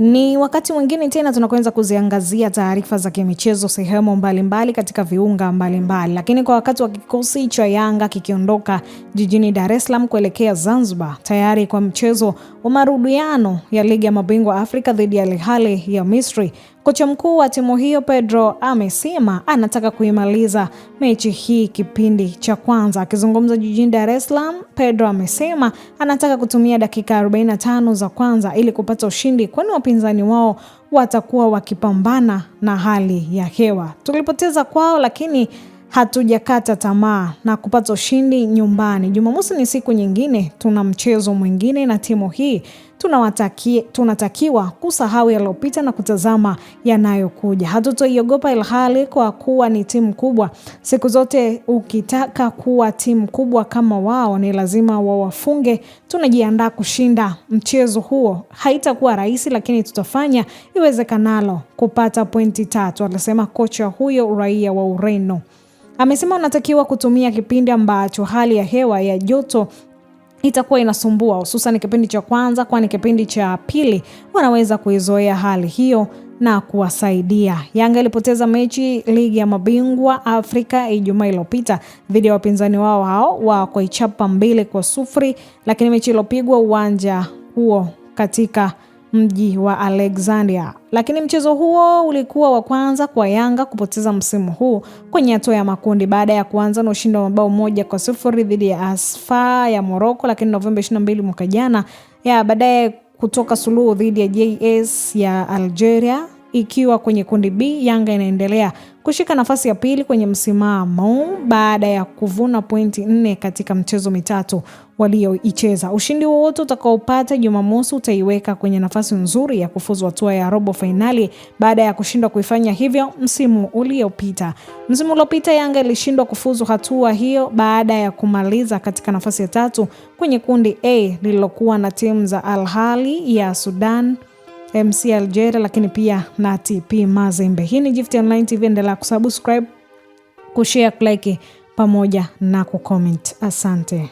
Ni wakati mwingine tena tunakwenza kuziangazia taarifa za kimichezo sehemu mbalimbali katika viunga mbalimbali. Lakini kwa wakati wa kikosi cha Yanga kikiondoka jijini Dar es Salaam kuelekea Zanzibar tayari kwa mchezo wa marudiano ya ligi ya mabingwa Afrika dhidi ya Al Ahly ya Misri, Kocha mkuu wa timu hiyo Pedro amesema anataka kuimaliza mechi hii kipindi cha kwanza. Akizungumza jijini Dar es Salaam, Pedro amesema anataka kutumia dakika 45 za kwanza ili kupata ushindi, kwani wapinzani wao watakuwa wakipambana na hali ya hewa. Tulipoteza kwao, lakini hatujakata tamaa na kupata ushindi nyumbani. Jumamosi ni siku nyingine, tuna mchezo mwingine na timu hii tunatakiwa kusahau yaliyopita na kutazama yanayokuja. Hatutoiogopa ilhali, kwa kuwa ni timu kubwa. Siku zote ukitaka kuwa timu kubwa kama wao, ni lazima wawafunge. Tunajiandaa kushinda mchezo huo, haitakuwa rahisi, lakini tutafanya iwezekanalo kupata pointi tatu, alisema kocha huyo raia wa Ureno. Amesema unatakiwa kutumia kipindi ambacho hali ya hewa ya joto itakuwa inasumbua, hususan kipindi cha kwanza, kwani kipindi cha pili wanaweza kuizoea hali hiyo na kuwasaidia. Yanga ilipoteza mechi ligi ya mabingwa Afrika Ijumaa iliyopita dhidi ya wapinzani wao hao wa kuichapa mbili kwa sufuri, lakini mechi iliyopigwa uwanja huo katika mji wa Alexandria. Lakini mchezo huo ulikuwa wa kwanza kwa Yanga kupoteza msimu huu kwenye hatua ya makundi baada ya kuanza na ushindi wa mabao moja kwa sifuri dhidi ya Asfa ya Morocco, lakini Novemba 22 mwaka jana ya baadaye kutoka suluhu dhidi ya JS ya Algeria ikiwa kwenye kundi B, Yanga inaendelea kushika nafasi ya pili kwenye msimamo baada ya kuvuna pointi nne katika mchezo mitatu walioicheza. Ushindi wowote utakaopata Jumamosi utaiweka kwenye nafasi nzuri ya kufuzu hatua ya robo fainali baada ya kushindwa kuifanya hivyo msimu uliopita. Msimu uliopita Yanga ilishindwa kufuzu hatua hiyo baada ya kumaliza katika nafasi ya tatu kwenye kundi A lililokuwa na timu za Al Ahly ya Sudan MC Algeria, lakini pia na TP Mazembe. Hii ni Gift Online TV, endelea kusubscribe, kushare, kulike pamoja na kucomment. Asante.